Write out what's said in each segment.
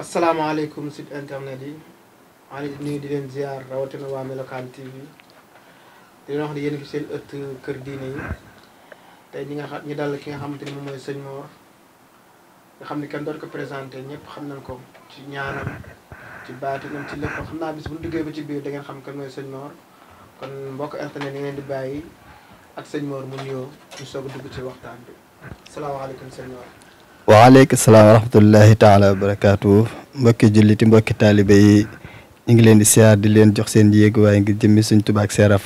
assalamu asalaamaaleykum sit internet yi maa ni di len ziar rawati na wa melokan TV di wax ni yene fi seen eut keur diine yi tay ni nga xat ni dal ki nga xamanteni ni moy mooy sëñ Mor nga xamni kan kenn ko presenter ñëpp xam nañ ko ci ñaanam ci baatinam ci lepp xam naa bis bu ñu ba ci biir da ngeen xam kan moy sëñ Mor kon mbokk internet ni ngeen di bayyi ak sëñ Mor mu nuyoo ci sogu a dugg ci waxtaan bi assalamu asalaamaaleykum sëñ Mor. alaikum salaam wa rahmatullahi taala wa barakatuh mbokk juliti mbokk talibe yi ñi ngi leen di siyaar di leen jox seen yéeguwaay ngi jëmmi suñ Tuubaa ak Seera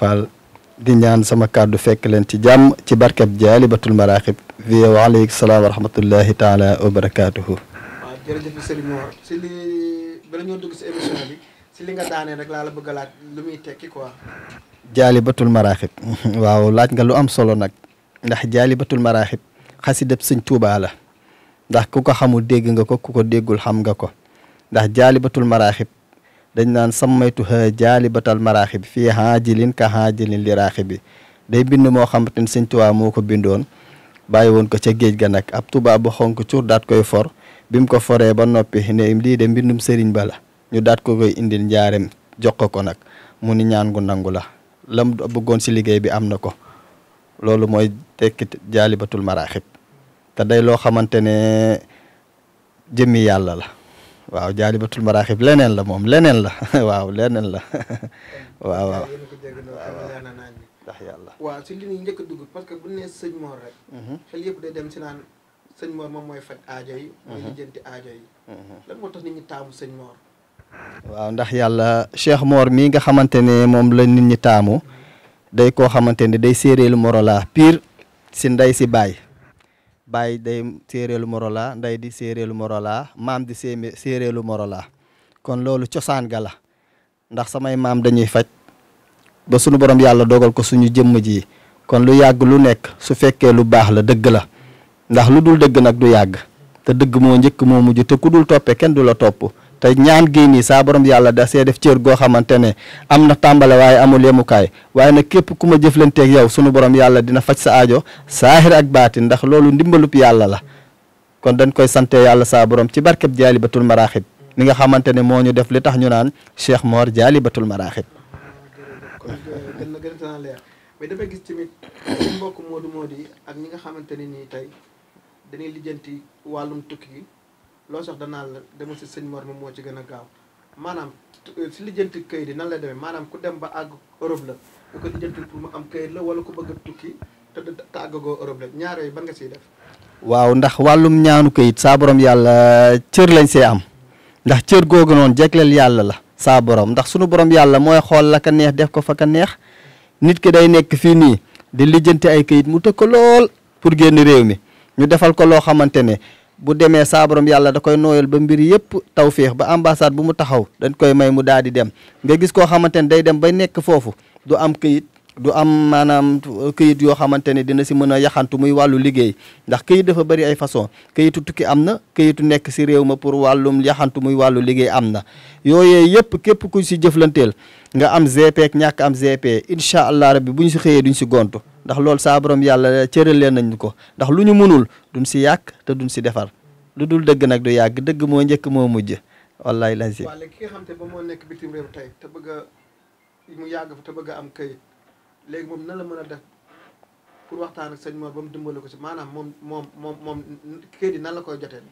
di ñaan sama kàddu fekk leen ci jàmm ci barkeb Jaalibatul Maraaxib vi waaleykum salaam wa rahmatullahi taala wa barakaatuhu waaw jërëjëf sëriñ Mor si li bala ñoo dugg si émission bi si li nga daanee rek laa la bëgg a laaj lu muy tekki quoi batul Maraaxib waaw laaj nga lu am solo nag ndax Jaalibatul Maraaxib xasidab sëñ Tuubaa la ndax ku ko xamul dégg nga ko ku ko déggul xam nga ko ndax jaalibatul maraaxib dañ naan sammaytuha jaalibatal maraaxib fii haajilin ka haajilin li raaxibi day bind moo xamante ni sëñ moo ko bindoon bàyyi woon ko ca géej ga nag ab tubaab bu xonk cuur daat koy for bi mu ko foree ba noppi ne lii de mbindum sëriñ bala ñu daat ko koy indi njaarem jox ko ko nag mu ni ñaan gu nangu la lam bëggoon si liggéey bi am na ko loolu mooy tekki jaalibatul maraaxib te day loo xamante ne jëmmi yàlla la waaw jaalibatul maraaxib leneen la moom leneen la waaw leneen la waaw yàlla waaw si li ñuy njëkk dugg que bu nee sëñ Mor rek mhm. xel yëpp day dem si naan sëñ Mor moom mooy faj aajo yi mooy mhm. lijjanti aajo yi mhm. lan moo tax nit ñi taamu sëñ Mor waaw ndax yàlla Cheikh Mor mii nga xamante ne moom la nit ñi taamu day koo xamante ne day séeréelu morola pire si ndey si baay bàyyi day séeréelu morola nday di séeréelu morola maam di séeréelu morola kon loolu cosaan ga la ndax samay maam dañuy faj ba sunu borom yàlla dogal ko suñu jëmm ji kon lu yàgg lu nekk su fekkee lu baax la dëgg la ndax lu dul dëgg nag du yàgg te dëgg moo njëkk moo mujj te ku dul toppee kenn du la topp te ñaan gii nii saa borom yàlla da see def cër goo xamante ne am na tàmbale waaye amul yemukaay waaye nag képp ku ma jëflanteeg yow sunu borom yàlla dina faj sa saa saahir ak baati ndax loolu ndimbalub yàlla la kon dañ koy sante yàlla saa borom ci barkeb jaalibatul maraaxib mi nga xamante ne moo ñu def li tax ñu naan Cheikh Mor jaalibatul maraaxib mais dafay gis tamit mbokk Modou Modou yi ak ñi nga xamante ne nii tey dañuy lijjanti wàllum tukki lo soxla danaa la demal ci seigne Mor mo ci gëna a gaaw maanaam si lijjanti këyit di nan lay demee manam ku dem ba ag Europe la ku ko lijjanti pour mu am këyit la wala ku bëgg tukki te te Europe la ñaar yoy ban nga ci def. waaw ndax walum ñaanu këyit sa borom yalla cër lañ ci am ndax cër gogu non jegleel yalla la sa borom ndax sunu borom yalla moy xol la ka neex def ko fa ka neex nit ki day nekk fi ni di lijeenti ay këyit mu tekk lool pour genn mi ñu defal ko lo xamantene bu demee saabarom yàlla da koy nooyal ba mbir yëpp tawféex ba ambassade bu mu taxaw dañ koy may mu daal di dem nga gis koo xamante ne day dem ba nekk foofu du am këyit du am maanaam këyit yoo xamante ne dina si mën a yaxantu muy wàllu liggéey ndax këyit dafa bëri ay façon këyitu tukki am na këyitu nekk si réew ma pour wàllum yaxantu muy wàllu liggéey am na yooyee yëpp képp ku si jëflanteel nga am GP ak ñàkk am GP incha allah rabbi bu ñu si xëyee duñ si gontu ndax lool sa borom yalla cëral leen nañ ko ndax luñu mënul duñ ci yak te duñ ci défar lu dul dëgg nak du yag dëgg mo ñëk mo mujj wallahi lañ si. waaw ki nga xam ba mo nekk bitim réew tay te bëgg mu yag fa te bëgg am kay légui mom na la mëna def pour waxtaan ak señ mo bam dimbalé ko ci manam mom mom mom mom këyit di nan la koy jotté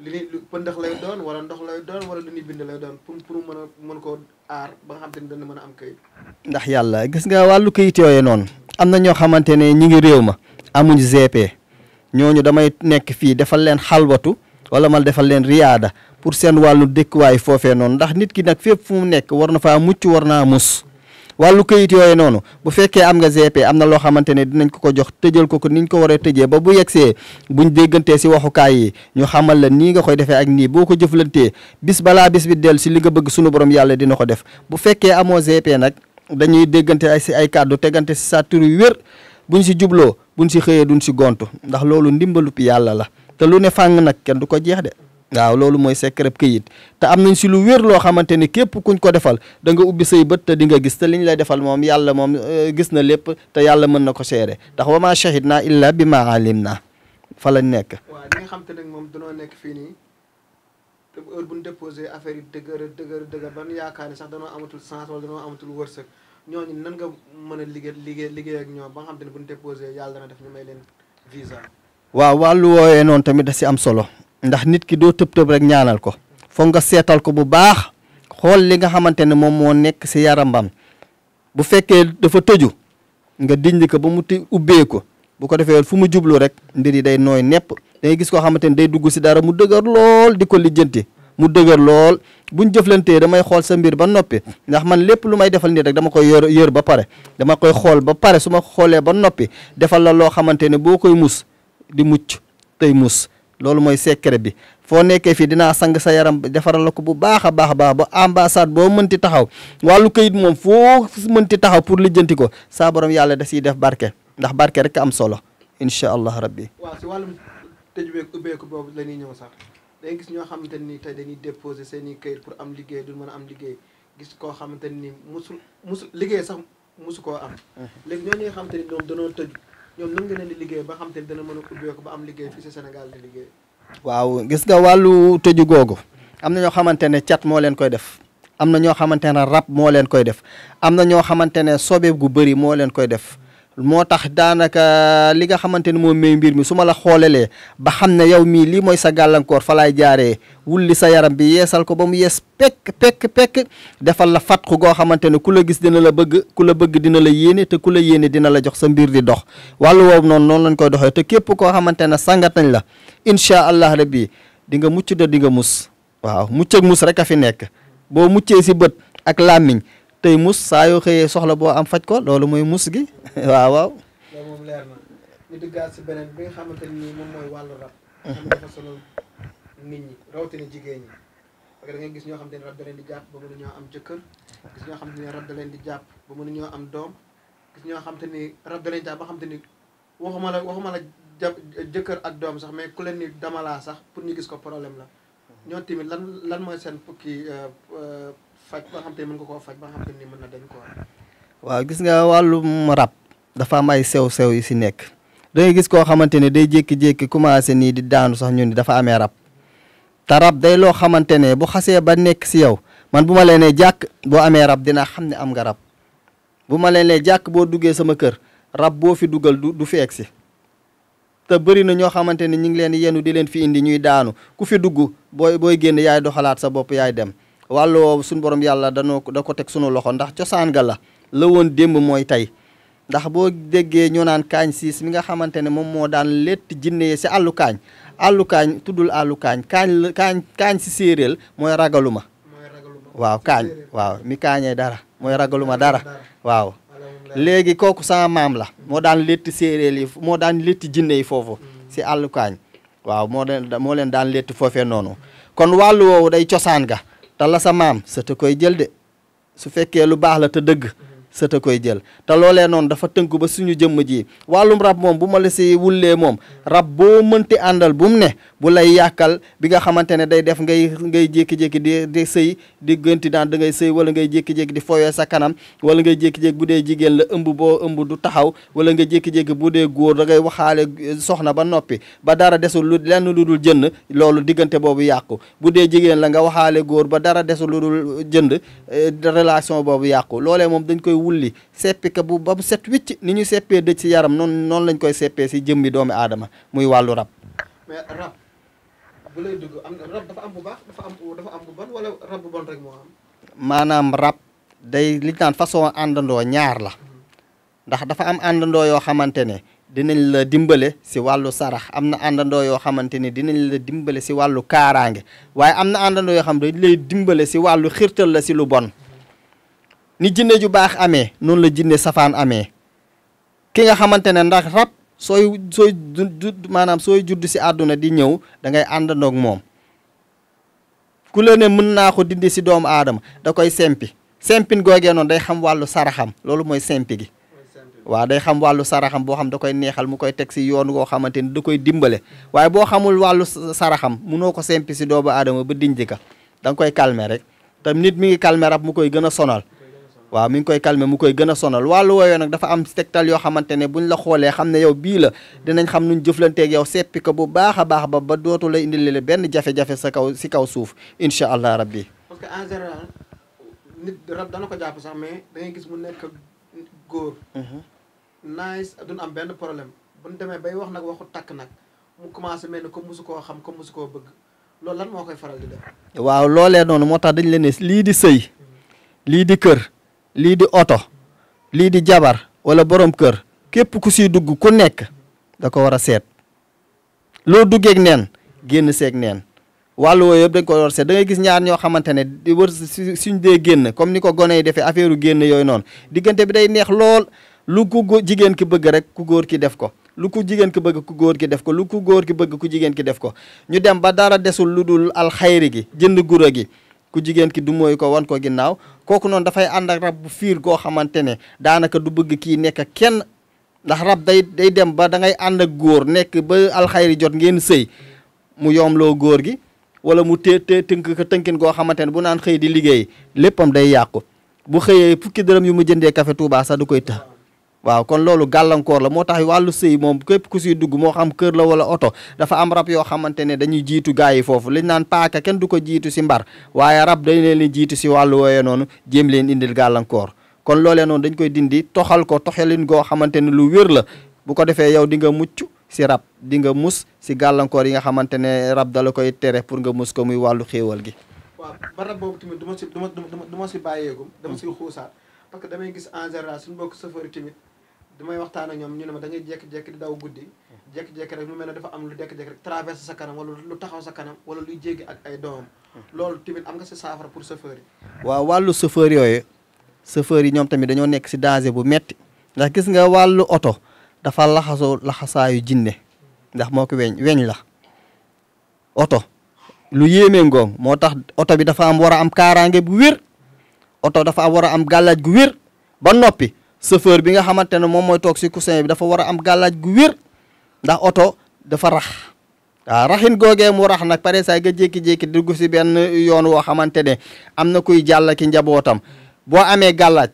li ñuy pëndax lay doon wala ndox lay doon wala li ñuy bind lay doon pour pour mëna a mën koo aar ba nga xamanté te mëna am kay ndax yalla gis nga walu kayit yoyé non am na ñoo xamante ne ñi ngi réew ma amuñ GP ñooñu damay nekk fii defal leen xalwatu wala mal defal leen riyaada pour seen wàllu dëkkuwaay foofee noonu ndax nit ki nag fépp fu mu nekk war na faa mucc war naa mus wàllu këyit yooyu noonu bu fekkee am nga GP am na loo xamante ne dinañ ko ko jox tëjël ko ko niñ ko waree a tëjee ba bu yegsee buñ déggantee si waxukaay yi ñu xamal la nii nga koy defee ak nii boo ko jëflantee bis balaa bis bi dell si li nga bëgg sunu borom yàlla dina ko def bu dañuy déggante ay si ay cadeau tegante si sa tur yu wér buñ ci jubloo buñ ci xeyé duñ ci gontu ndax lolu ndimbalup yalla la té lu né fang nak kèn duko ko jeex de. waaw loolu mooy secret këyit té am nañ ci lu wër lo xamanténi képp kuñ ko défal da nga ubbi sey bëtt té di nga gis té liñ lay défal mom yalla mom euh, gis na lépp té yalla mën na ko ndax wa maa illa bima alimna fa lañ nekk. wa nga xamanté nak mom dañu danoo fi ni té heure buñ déposer affaire yi dëgër dëgër dëgër ban yaakaar sax dañu amatul sens wala dañu amatul wërsëg. ñooñu nan nga mën a liggéey liggéey liggéey ak ñoom ba nga xam te ne bu ñu déposé yàlla dana def ñu may leen waaw wàllu wooyee noonu tamit da si am solo ndax nit ki doo tëb tëb rek ñaanal ko foog nga seetal ko bu baax xool li nga xamante ne moom moo nekk si yarambam bu fekkee dafa tëju nga dindi ko ba mu ti ubbee ko bu ko defee fu mu jublu rek ndir yi day nooy nepp da gis koo xamante ne day dugg si dara mu dëgër lool di ko lijjanti mu dëgër lool buñ jëflanté damay xol sa mbir ba noppi ndax man lepp lu may defal ni rek dama koy yor yor ba paré dama koy xol ba paré suma xolé ba noppi defal la lo xamanténi bokoy mus di mucc tay mus lolou moy secret bi fo nekké fi dina sang sa yaram defaral lako bu baakha a baax ba ambassade boo mënti taxaw wàllu kayit moom foo mënti taxaw pour lijjanti ko saa borom yalla da ci def barke ndax barké rek am solo inshallah rabbi. wa ci walum tejbe ko be ko bobu ñëw sax. day gis ñoo xamante ni tey dañuy déposer seen i pour am liggéey du mën am liggéey gis koo xamante ni musul musul liggéey sax musu koo am. Uh-huh. léegi ñooñu nga xamante ni ñoom danoo tëj ñoom nan nga leen di liggéey ba xamante dana mën a ubbeeku ba am liggéey fii si Sénégal di liggéey. gis nga wàllu tëju googu am na ñoo xamante ne cat moo leen koy def. am na ñoo xamante ne rab moo leen koy def am na ñoo xamante ne sobe gu bëri moo leen koy def moo tax daanaka li nga xamante ne moom mooy mbir mi su ma la xoolelee ba xam ne yow mii lii mooy sa gàllankoor fa laay jaaree wulli sa yaram bi yeesal ko ba mu yees pekk pekk pekk defal la fatxu goo xamante ne ku la gis dina la bëgg ku la bëgg dina la yéene te ku la yéene dina la jox sa mbir di dox wàllu woow noonu noonu lañ koy doxee te képp koo xamante ne sangat nañ la incha allah rabbi di nga mucc de di nga mus waaw mucc ak mus rek a fi nekk boo muccee si bët ak làmmiñ tey mus saa yoo xëyee soxla boo am faj ko loolu mooy mus gi waaw waaw. loolu moom leer na ñu duggaat si beneen bi nga xamante ni moom mooy wàllu rab. Mhm. am dafa sonal nit ñi rawatina jigéen ñi da ngay gis ñoo xam ne rab da leen di jàpp ba mënuñoo am jëkkër gis ñoo xam ne rab da leen di jàpp ba mënuñoo am doom gis ñoo xam te ni rab da leen di jàpp ba xam te ni waxuma la waxuma la jàpp jëkkër ak doom sax mais ku leen ni dama laa sax pour ñu gis ko problème la. ñoom lan lan mooy seen kii euh, euh, faj ba xam te mën nga faj ba ni mën na dañ ko waaw gis nga wàllum rab dafa may sew-sew yu si nekk dangay gis koo xamante ne day jékki-jékki commencé nii di daanu sax ñun ni dafa amee rab te rab day loo xamante ne bu xasee ba nekk si yow man bu ma leenee nee jàkk boo amee rab dina xam ne am nga rab bu ma leen nee jàkk boo duggee sama kër rab boo fi dugal du du fi egsi te bëri na ñoo xamante ne ñu ngi leen yenu di leen fi indi ñuy daanu ku fi dugg booy booy génn yaay doxalaat sa bopp yaay dem wàllu woowu suñu borom yàlla danoo da ko teg sunu loxo ndax cosaan ga la la woon démb mooy tey ndax boo déggee ñoo naan kaañ siis mi nga xamante ne moom moo daan létt jinne yi si àllu kaañ àllu kaañ tuddul àllu kaañ kaañ la kaañ kaañ si séeréel mooy ragaluma waaw kaañ waaw mi kaañee dara mooy ragaluma dara waaw léegi kooku sama maam la moo daan létti séeréer yi moo daan létti jinne yi foofu si àllukaañ waaw moo leen moo leen daan létti foofee noonu kon wàllu woowu day cosaan ga te la sa sa te koy jël de su fekkee lu baax la te dëgg sët a koy jël te loolee noonu dafa tënk ba suñu jëmm ji wàllum rab moom bu ma la si wullee moom rab boo mënti àndal bu mu ne bu lay yàkkal bi nga xamante ne day def ngay ngay jékki-jékki di di sëy di gënti daan da ngay sëy wala ngay jékki-jékki di foyee sa kanam wala ngay jékki-jékki bu dee jigéen la ëmb boo ëmb du taxaw wala nga jékki-jékki bu dee góor da ngay waxaale soxna ba noppi ba dara desul lu lenn lu dul jënd loolu diggante boobu yàqu bu dee jigéen la nga waxaale góor ba dara desul lu dul jënd eh, wulli seppi ka bu ba set wicc ni ñu seppee de si yaram non non lañ koy si jembi doomi aadama muy wàllu rab mais rab bu lay dugg am rab dafa am bu baax dafa am dafa am bu bon wala rab bu bon rek am maanaam rab day li naan façon àndandoo ñaar la ndax dafa dinañ la si walu sarax am na àndandoo yoo dinañ la dimbale si walu karange waaye am na àndandoo xam lay si walu xirtal la si lu ni jinne ju baax amee noonu la jinne safaan amee ki nga xamante ne ndax rab sooy sooy judd maanaam sooy judd si àdduna di ñëw da ngay àndandoog moom ku la ne mën naa ko dindi si doomu aadama da koy sempi sempin googee noonu day xam wàllu saraxam loolu mooy sempi gi waaw day xam wàllu saraxam boo xam da koy neexal mu koy teg si yoon woo xamante ni da koy dimbale waaye boo xamul wàllu saraxam munoo ko sempi si doomu aadama ba dindi ka da koy calmer rek tam nit mi ngi calmer rab mu koy gën a sonal waaw mi ngi koy calmer mu koy gën a sonal wàllu wooyoo nag dafa am tegtal yoo xamante ne buñ la xoolee xam ne yow bii la dinañ xam nuñ jëflanteeg yow seppi ko bu baax a baax ba ba dootu la indil la benn jafe-jafe sa kaw si kaw suuf incha allah rabbi. parce que en général nit rab dana ko jàpp sax mais da ngay gis mu nekk góor. nice duñ am benn problème buñ demee bay wax nag waxu takk nag mu commencé mel ni comme mosu koo xam comme mosu koo bëgg loolu lan moo koy faral di def. waaw loolee noonu moo tax dañ leen ne lii di sëy lii di kër. lii di oto lii di jabar wala boroom kër képp ku siy dugg ku nekk da ko war a seet loo duggeeg neen génn seeg neen wàll woowu yëpp dañ ko war a seet da gis ñaar ñoo xamante ne di wër suñ dee génn comme ni ko gone yi defee affaire génn yooyu noonu diggante bi day neex lool lu ku jigéen ki bëgg rek ku góor ki def ko lu ku jigéen ki bëgg ku góor ki def ko lu ku góor ki bëgg ku jigéen ki def ko ñu dem ba dara desul lu dul alxayri gi jënd guro gi ku jigéen ki du mooy ko wan ko ginnaaw kooku noonu dafay ànd ak rab bu fiir goo xamante ne daanaka du bëgg ki nekk kenn ndax rab day day dem ba da ngay ànd ak góor nekk ba alxayri jot ngeen sëy mu yoomloo góor gi wala mu té té tënk ko tënkin goo xamante ne bu naan xëy di liggéey léppam day yàqu bu xëyee fukki dërëm yu mu jëndee café Touba sax du koy të waaw kon loolu gàllankoor la moo tax wàllu sëy moom képp ku siy dugg moo xam kër la wala oto dafa am rab yoo xamante ne dañuy jiitu gars yi foofu liñ naan paaka kenn du ko jiitu si mbar waaye rab dañ leen di jiitu si wàllu wooyee noonu jéem leen indil gàllankoor kon loolee noonu dañ koy dindi toxal ko toxalin goo xamante ne lu wér la bu ko defee yow di nga mucc si rab di nga mus si gàllankoor yi nga xamante ne rab dala koy tere pour nga mus ko muy wàllu xéewal gi. waaw ba si du ma du ma si bàyyeegum. damay waxtaan ak ñom ñu ne ma da ngay jek jek di daw guddii jek jek rek mu melni dafa am lu dekk jékki rek traverser sa kanam wala lu taxaw sa kanam wala luy jéggi ak ay doom loolu timit am nga ci saafara pour chauffeur yi wa walu chauffeur yoy chauffeur yi ñom tamit dañoo nekk ci danger bu metti ndax gis nga walu auto dafa laxasoo laxasaayu jinne ndax moko weñ weñ la auto lu yéme ngom motax auto bi dafa am wara am karange bu wir auto dafa wara am galaj gu wir ba nopi chauffeur bi nga xamante ne moom mooy toog si coussin bi dafa war a am gàllaaj gu wér ndax oto dafa rax waaw raxin googee mu rax nag pare saa nga jékki-jékki dugg si benn yoon woo xamante ne am na kuy jàll ki njabootam boo amee gàllaaj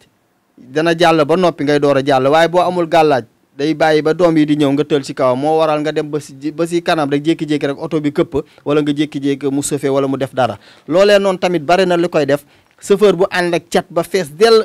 dana jàll ba noppi ngay door a jàll waaye boo amul gàllaaj day bàyyi ba doom yi di ñëw nga tël si kawam moo waral nga dem ba si ba si kanam rek jékki-jékki rek oto bi këpp wala nga jékki-jékki mu sëfee wala mu def dara loolee noonu tamit bari na li koy def chauffeur bu ànd ak cat ba fees dell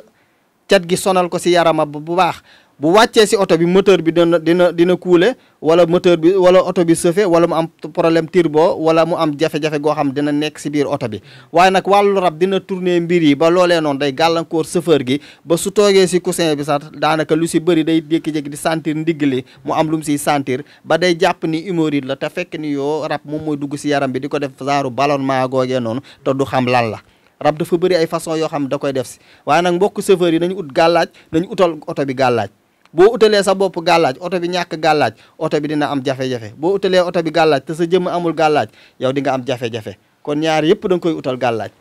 cat gi sonal ko si yaramam bu baax bu wàccee si oto bi moteur bi dina dina dina kuule wala moteur bi wala oto bi sëfe wala mu am problème tirbo wala mu am jafe-jafe goo xam dina nekk si biir oto bi waaye nag wàllu rab dina tourner mbir yi ba loolee noonu day gàllankoor chauffeur gi ba su toogee si coussin bi sax daanaka lu si bëri day jékki-jékki di sentir ndigg li mu am lu mu siy sentir ba day jàpp ni hémorroïde la te fekk ni yoo rab moom mooy dugg si yaram bi di ko def genre ballonnement googee noonu te du xam lan la rab dafa bëri ay façon yo xam da koy def si nak nag mbokk chauffeur yi nañu ut galaj nañu utal auto bi galaj bo utalee sa bop galaj auto bi ñak galaj auto bi dina am jafé jafé bo utalee auto bi galaj te sa jëm amul galaj yow di nga am jafé jafé kon ñaar yépp da koy utal galaj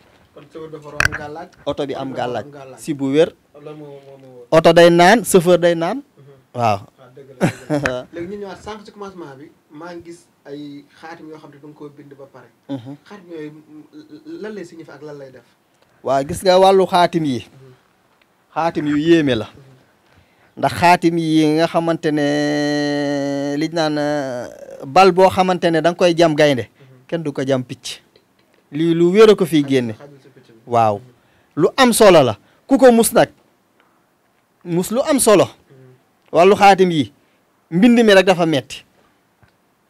auto bi am galaj si bu wër auto day naan serveur day naan mhm. waaw ah, leg ñu ñëwaat sank ci commencement bi ma ngi gis ay xaatim yoo xam ne da nga bind ba pare. Mhm. xaatim yooyu lan lan lay def. waaw gis nga wàllu xaatim yi. Mhm. xaatim yu yéeme la. Mhm. ndax xaatim yi nga xamante ne liñ naan euh, bal boo xamante ne da koy jam gaynde kenn du ko jam picc. lii lu wéer a ko fiy génne. waaw lu am solo la ku ko mus nag mus lu am solo. wàllu xaatim yi mbind mi rek dafa metti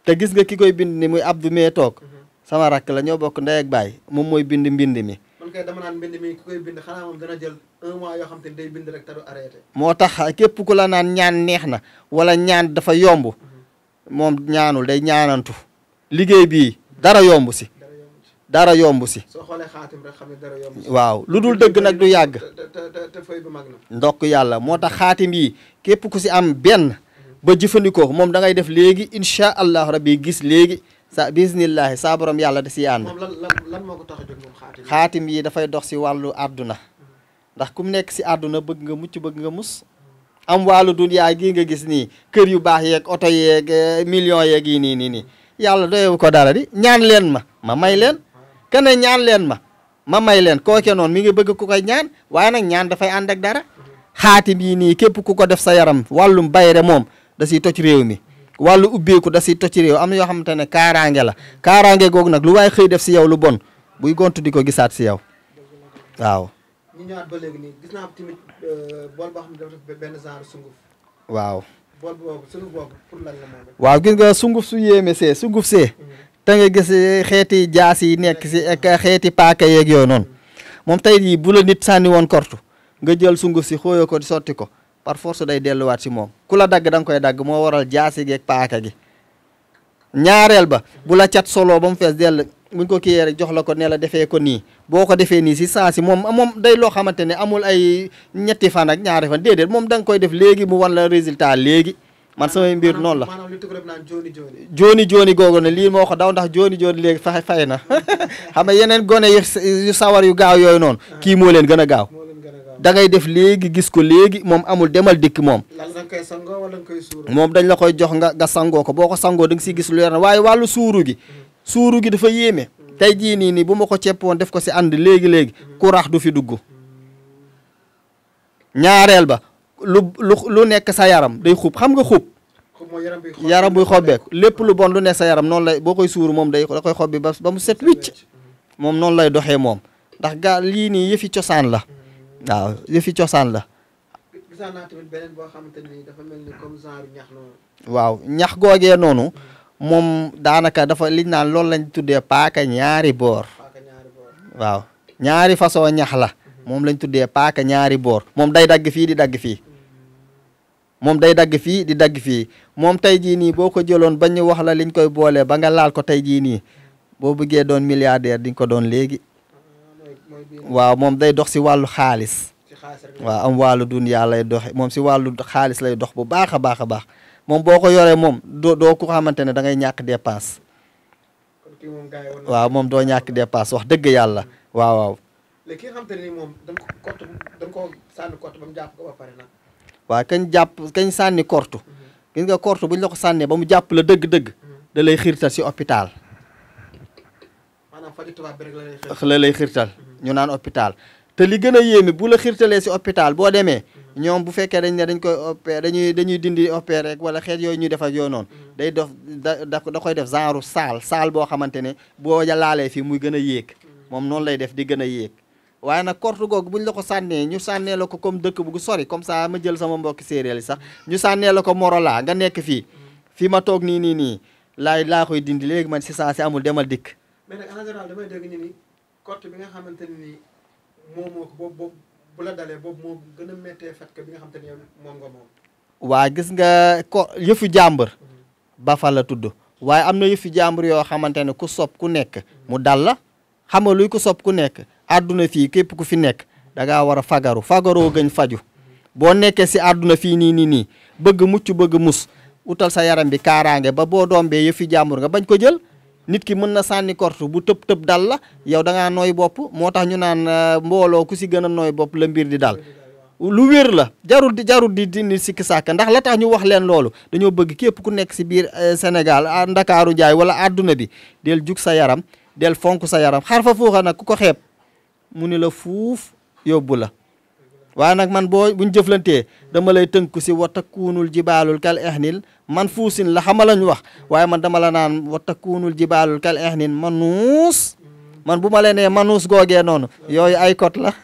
te gis nga ki koy bind ni muy Abdou mee toog mhm. sama rakk la ñoo bokk ndey baay moom mooy bind mbind mi. man kay dama mbind mi ki koy bind xanaa yoo xam te day bind rek te moo tax képp ku la naan ñaan neex na wala ñaan dafa yomb mhm. moom ñaanul day ñaanantu liggéey bi dara yomb si. dara yomb si. soo xoolee xaatim rek waaw lu dul dëgg nag du yàgg. te te ndokk yàlla moo tax xaatim yi képp ku si am benn. ba jëfëndiko ko da ngay def légui insha allah rabbi gis légui sa bismillah sa borom yalla da ci ànd. moom lan lan moo tax dox si walu aduna mm-hmm. ndax kum mu nekk si bëgg nga muccu bëgg nga mus. am walu dunya gi nga gis ni kër yu bax yek auto yek eh, million yek ni ni ni yalla yàlla ko dara di ñaan len ma ma may leen. kene ñaan len ma ma may ko ke non mi nga bëgg ku koy ñaan way nak ñaan fay and ak dara khatim mm-hmm. yi ni kep ku ko def sa yaram walum bayre mom da siy toj réew mi wàllu ubbeeku da siy toj réew am na yoo xamante ne kaaraange la kaaraange googu nag lu waay xëy def si yow lu bon buy gont di ko gisaat si yow waaw. ñu ñëwaat ba euh, gis nga sunguf su yéeme see sunguf see. Mm-hmm. te nga gis eh, xeeti jaas yi nekk si eh, xeeti paaka yeeg yooyu noonu moom tey jii bu nit sànni woon kortu nga jël sunguf si xooyoo ko sotti ko. par force day delluwaat si moom ku la dagg da koy dagg moo waral jaasi geeg paaka gi ñaareel ba bu la cat solo ba mu fees dell buñ ko kiyee rek jox la ko ne la defee ko nii boo ko defee nii si saa si moom moom day loo xamante ne amul ay ñetti fan ak ñaari fan déedéet moom da nga koy def léegi mu war la résultat léegi man samay mbir noonu la jooni jooni googu ne lii moo ko daw ndax jooni jooni léegi fay fay na xam nga yeneen gone yu sawar yu gaaw yooyu noonu kii moo leen gën a gaaw da ngay def léegi gis ko amul demal dik mom mom dañ la koy jox nga nga sangoo ko boo ko sangoo da nga siy gis lu leer na waaye wàllu suuru gi. suuru gi dafa yéeme. tey jii nii nii bu ko def ko du fi ba lu lu lu sa yaram day xub xam nga xub. yaram buy xobbeeku lépp lu bon lu nekk sa yaram noonu lay boo suru mom moom day koy xobbi ba ba mu set wicc moom noonu lay doxee moom ndax gaa la waaw yëfi cosaan la. gisaan naa tamit beneen boo xamante ni dafa mel ni comme genre ñax noonu. waaw ñax googee noonu. moom daanaka dafa liñ naan loolu lañ tuddee paaka ñaari boor. paaka waaw ñaari façon ñax la. moom lañ tuddee paaka ñaari boor. moom day dagg fii di dagg fii. moom day dagg fii di dagg fii moom tey jii nii boo ko jëloon wax la liñ koy boolee ba nga laal ko doon milliardaire ko doon waaw moom day dox si wàllu xaalis waaw am wàllu duniyaa lay dox moom si wàllu xaalis lay dox bu baax a baax a baax moom boo ko yoree moom doo doo ko xamante ne da ngay ñàkk dépense waaw moom doo ñàkk dépense wax dëgg yàlla waaw waaw léegi ki nga xamante ne ko kort dañ ko sànni kort ba mu ba pare nag. waaw kañ jàpp kañ sànni kortu mhm. gis nga kortu buñ la ko sànnee ba mu jàpp la dëgg-dëgg. Mhm. da lay xirtal si hôpital. maanaam faju tubaab bi rek la lay xirtal ñu naan hôpital te li gën a yéeme bu la xiirtalee si hôpital boo demee ñoom bu fekkee dañ ne dañ koy opéré dañuy dañuy dindi opéré rek wala xeet yooyu ñuy def yoo noon noonu mm-hmm. day def da da koy def genre saal saal boo xamante ne boo laalee fi muy gën a yéeg mm-hmm. moom noonu lay def di gën a yéeg waaye na korte googu buñ la ko sànnee ñu sànnee la ko comme dëkk bu sori comme ça ma jël sama mbokki séeréer yi sax mm-hmm. ñu sànnee la ko Morola nga nekk fii fii ma toog nii nii nii laay laa dindi léegi man si saa si amul dikk. côté bi nga xamanteni ni nii moom bob bu la dalé bob moo gëna metté fat ka bi nga xamanteni mom nga mom gis nga ko yëfu jàmbur. Mm-hmm. ba fa la tuddu waaye amna na jambar yo xamanteni ku sop ku nek mu dal la xam nga ku sop ku nek aduna fi kep ku fi nek da nga wara fagaru fagaru gën faju mm-hmm. bo nekké si aduna fi ni ni ni bëgg muccu bëgg mus utal sa yaram bi kaaraange ba bo doom bee jambar nga bañ ko jël. nit ki mën na sànni korte bu tëb tëb dal la yow da nooy bopp moo tax ñu naan euh, mbooloo ku si gën a nooy bopp la mbir di daal lu wér la jarul di jarul di dindi sikki sàkk ndax la tax ñu wax leen loolu dañoo bëgg képp ku nekk si biir euh, Sénégal ndakaaru njaay wala àdduna bi del jug sa yaram del fonk sa yaram xar fa fuuxa nag ku ko xeeb mu ni la fuuf yóbbu la waaye nag man bu buñ jëflantee dama lay tënk si wa takuunul jibaalul kal ehnil man fuusin la xama lañ wax waaye man dama la naan wa takuunul jibaalul kal ehnil manuus man bu ma leen nee manuus googee noonu yooyu ay kot la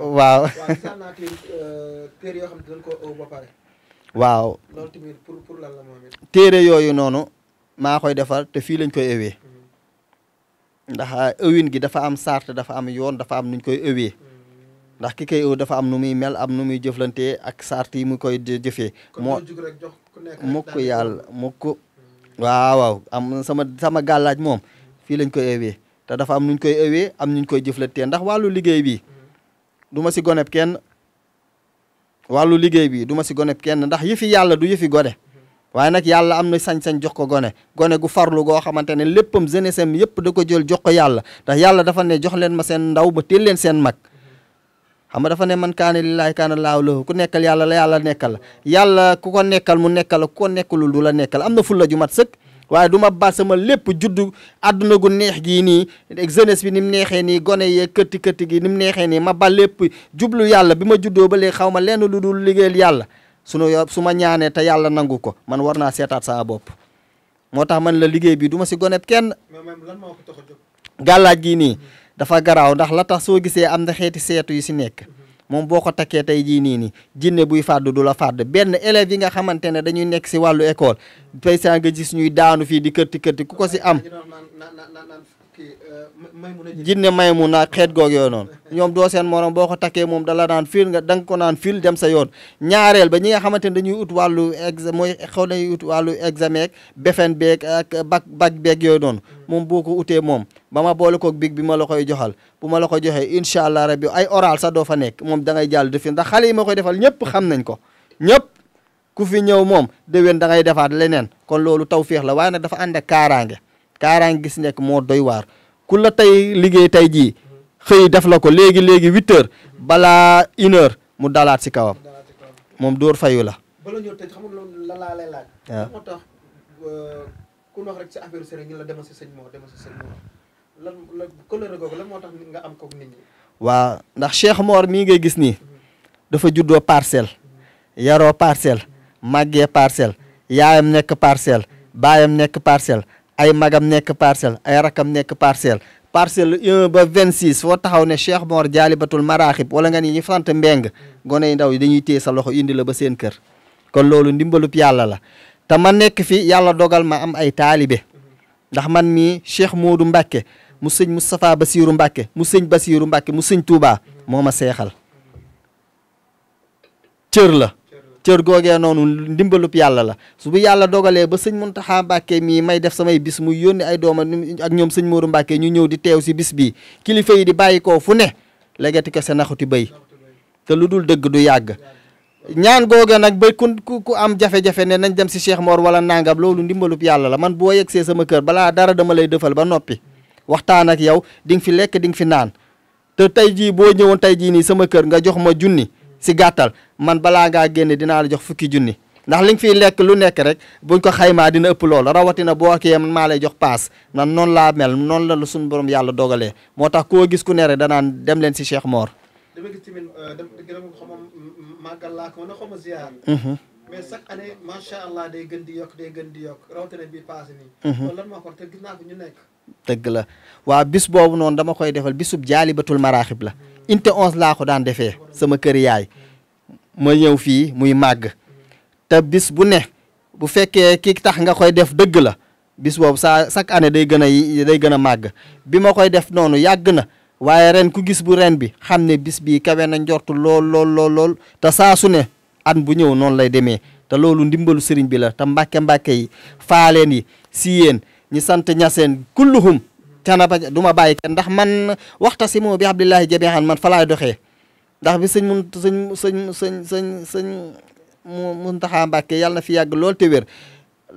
waaw la waaw waaw yooyu noonu maa koy defar te fii lañ koy ewee ndax ëwin gi dafa am sarte dafa am yoon dafa am nuñ koy ëwee ndax dafa am nu muy mel am nu muy jëflantee ak sart yi mu koy jëfee moo mukk yàlla mukk waaw waaw am sama sama gàllaaj moom fii lañ koy ëwee te dafa am nuñ koy ëwee am nuñ koy jëflantee ndax wàllu liggéey bi du ma si goneb kenn wàllu liggéey bi du si goneb kenn ndax yëfi yàlla du yëfi gone waye nak yalla amna na sañ-sañ jox ko goné goné gu farlu go xamantene leppam jeunesseem yépp am da ko jël jox ko yalla ndax yalla dafa né jox len ma sen ndaw ba téel len sen mak xam nga dafa né man kana lillahi kana laahu lahu ku nekkal yalla la yalla nekkal yalla ku ko nekkal mu nekkal ku ko nekkul du la nekkal amna na fulla ju mat seuk waye duma ba sama lepp juddu aduna gu neex ni nii jeunesse bi nim neexé ni goné ye yee këtti gi nim neexé ni ma ba lepp jublu yalla bima ma ba lé xawma lén lu dul liggéeyal yalla sunu yo su ma ñaanee te yàlla nangu ko man war naa seetaat saa bopp moo tax man la liggéey bi du ma si goneb kenn gàllaaj gi nii dafa garaaw ndax la tax soo gisee am na xeeti seetu yu si nekk moom boo ko takkee tey jii nii nii jinne buy fàdd du la fàdd benn élèves yi nga xamante ne dañuy nekk si wàllu école tey saa nga gis ñuy daanu fii di kërti kërti ku ko si am Euh, jinne maymuna xeet goog yooyu noonu ñoom doo seen boo ko takkee moom dala naan fiil nga danga ko naan fiil dem sa yoon ñaareel ba ñi a xamante ne dañuy ut wàllu ex mooy xaw nañuy ut wàllu examen befen beeg ak bac bac beeg yooyu noonu mm. moom boo ko utee moom ba ma boole koog big bi ma la koy joxal bu ma la ko joxee incha allah rabbi ay oral sax doo fa nekk moom da ngay jàll defi ndax xale yi koy defal ñëpp xam nañ ko ñëpp ku fi ñëw moom de da ngay defaat leneen kon loolu tawféex la waaye nag dafa ànd kaaraange kaaraange gis nekk moo doy waar ku la tey liggéey tey jii xëy def la ko léegi léegi huit balaa une mu dalaat si kawam moom dóor fayu la. bala ñëw tëj xam nga loolu lan waaw ndax Cheikh Mor mi ngay gis nii dafa juddoo parcelle yaroo parcelle màggee parcelle yaayam nekk parcelle baayam nekk parcelle. ay magam nek parcelle ay rakam nek parcelle parcelle 1 ba 26 fo taxaw ne Cheikh Mor jaalibatul maraaxib wala nga ni ñi sant mbeng gone ndaw yi dañuy tey sa loxo indi la ba seen kër kon lolu ndimbalup yàlla la ta man nek fi yàlla dogal ma am ay talibé ndax man mi Cheikh Modou Mbacke mu seigne mustapha basirou Mbacke mu seigne basirou Mbacke mu seigne Touba moma séxal seexal cër la cër goge nonu ndimbalup yalla la su bu yalla dogalee ba sëñ muntaha bakke mi may def samay bis mu yoni ay dooma ak ñom sëñ Moodu mbakke ñu ñew di tew si bis bi kilifa yi di bayiko fu ne legati kesse naxuti béy te luddul deug du yag ñaan goge nak bay ku ku am jafe-jafe ne nañ dem si Cheikh Mor wala nangam lolu ndimbalup yalla la man bo yegsee sama kër bala dara dama lay defal ba nopi waxtaan ak yow ding fi lek ding nga fi naan te tay ji bo ñewon tay ji ni sama kër nga jox ma junni si gàttal man balaa ngaa génne dinaa la jox fukki junni ndax li nga fiy lekk lu nekk rek buñ ko xaymaa dina ëpp loolu rawatina boo kiyee man maa lay jox paas na noonu laa mel noonu la lu suñu borom yàlla dogale moo tax koo gis ku ne rek danaan dem leen si Cheikh Mor. dama euh, mm, laa ko mën mm-hmm. macha allah day gën di yokk gën di dëgg la waaw bis boobu noonu dama koy defal bisub jaalibatul maraaxib la inte onze laa ko daan defee sama kër yaay ma ñëw fii muy màgg te bis bu ne bu fekkee ki tax nga koy def dëgg la bis boobu saa chaque année day gën a day gën a màgg bi ma koy def noonu yàgg na waaye ren ku gis bu ren bi xam ne bis bi kawe na njortu lool lool lool te saa su ne at bu ñëw noonu lay demee te loolu ndimbalu sëriñ bi la te mbàkke mbàkke yi faaleen yi si yéen ñi sant ñaseen kulluhum canaba du ma bàyyi ndax man waxta si moo bi abdillahi jamihan man falaay doxee ndax bi sëñ mun sëñ sëñ sëñ sëñ sëñ Muntaxa Mbàkke yàlla na fi yàgg lool te wér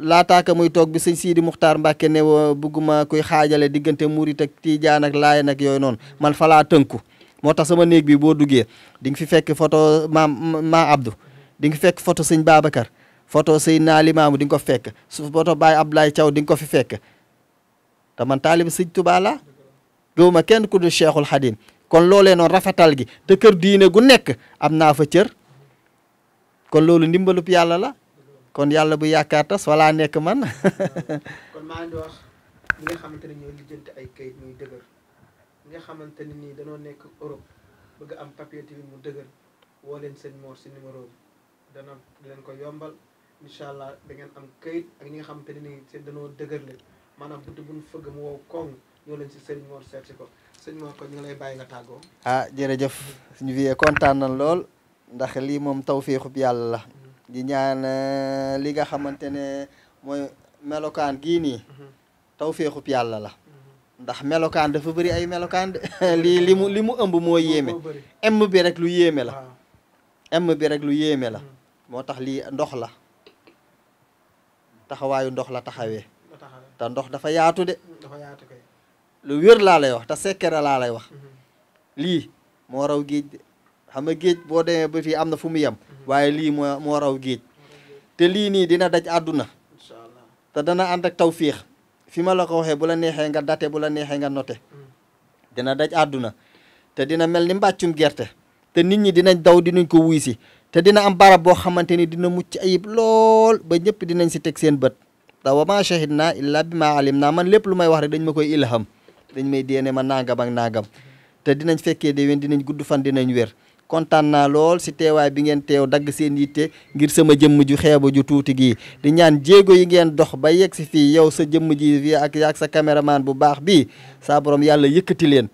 laataaka muy toog bi sëñ Siidi Muxtaar Mbàkke ne bugguma koy xaajale diggante murit ak tijaan ak laayen ak noonu man falaa tënku moo tax sama néeg bi boo duggee di nga fi fekk photo maam ma Abdou di fi fekk photo sëñ Babacar photo Seydina Limaamu di ko fekk su photo Baay Ablaay Caw di nga ko fi fekk te man taaliba Sëñ Tuubaa la gëwuma kenn ku dul Cheikhul Xadim kon loolee noonu rafetal gi te kër diine gu nekk am naa fa cër kon loolu ndimbalu yàlla la kon yàlla bu yaakaar tas wala nekk man. kon maa ngi wax ñi nga xamante ay kayit nga xamante ne nii danoo nekk Europe bëgg am papier tamit inshallah allah da ngeen am keuyit ak ñi nga xamanteni ni seen dañoo dëgër leen manam bunt buñ fëgg mu wo kong ñoo leen si sëñ Mor seeti ko sëñ Mor ko ñu lay bàyyi nga tàggoo. ah jërëjëf suñu vie kontaan nan lool ndax lii moom tawféexub yàlla la. di ñaan eh, li nga xamante ne mooy melokaan gii nii. tawféexub yàlla la. ndax melokaan dafa bëri ay melokaan de lii li mu li mu ëmb moo yéeme. bi rek lu yéeme la. Ah. bi rek lu yéeme la. moo tax ndox la. taxawaayu ndox la taxawee te ndox dafa yaatu de lu wér laa lay wax te sekkere laa lay wax mhm. lii moo raw géej de xam nga géej boo demee ba fi am na fu mu yem mhm. waaye lii moo moo raw géej te lii nii dina daj àdduna te dana ànd ma la ko waxee neexee nga date bu la nga note mhm. dina daj àdduna te dina mel ni mbàccum gerte te nit ñi dinañ daw dinañ ko wuy si te dina am barab boo xamante ni dina mucc ayib lool ba ñëpp dinañ si teg seen bët te wa maa shahid naa illaa bi maa alim naa man lépp lu may wax rek dañ ma koy ilham dañ may déene ma naagam ak nangam te dinañ fekkee déwén dinañ gudd fan dinañ wér kontaan naa lool si teewaay bi ngeen teew dagg seen yitte ngir sama jëmm ju xeeba ju tuuti gii di ñaan jéego yi ngeen dox ba yeg si fii yow sa jëmm ji fii ak ak sa caméraman bu baax bii saa borom yàlla yëkkati leen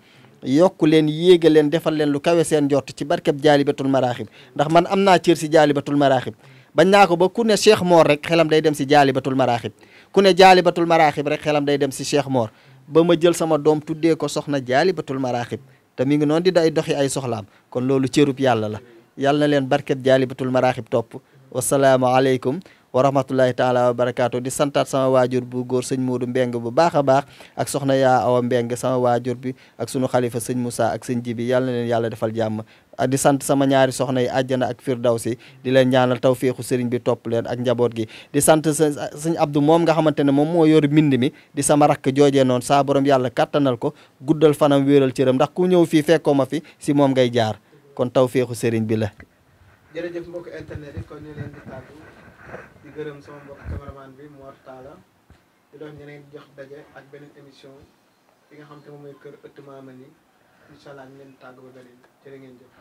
yokk leen yéege leen defal leen lu kawe seen jort ci barkeb jaalibatul maraaxib ndax man am naa cër si jaalibatul maraxib bañ naa ko ba ku ne Cheikh Mor rek xelam day dem si jaalibatul maraaxib ku ne jaalibatul maraaxib rek xelam day dem si Cheikh Mor ba ma jël sama doom tuddee ko soxna jaalibatul maraaxib te mi ngi noon di day doxi ay soxlaam kon loolu cërub yàlla la yàlla na leen barkeb jaalibatul maraaxib topp wasalaamu aleykum wa rahmatullahi taala wa barakaatu di santaat sama waajur bu góor sëñ Moodu Mbeng bu baax a baax ak soxna yaa awa Mbeng sama waajur bi ak sunu xalifa sëñ Moussa ak sëñ Jibi yàlla na yàlla defal jàmm di sant sama ñaari soxna yi àjjana ak si di leen ñaanal feexu sëriñ bi topp leen ak njaboot gi di sant sëñ Abdou moom nga xamante ne moom moo yor mbind mi di sama rakk joojee noon saa borom yàlla kattanal ko guddal fanam wéeral cëram ndax ku ñëw fii fekkoo ma fi si moom ngay jaar kon tawféexu sëriñ bi la gërëm sama mbokk caméraman bi Mor Talla di doon ñeneen jox daje ak benn émission bi nga xam te moom mooy kër ëtt Maamani ni incha allah ñu leen tàgg ba beneen jërë ngeen jëf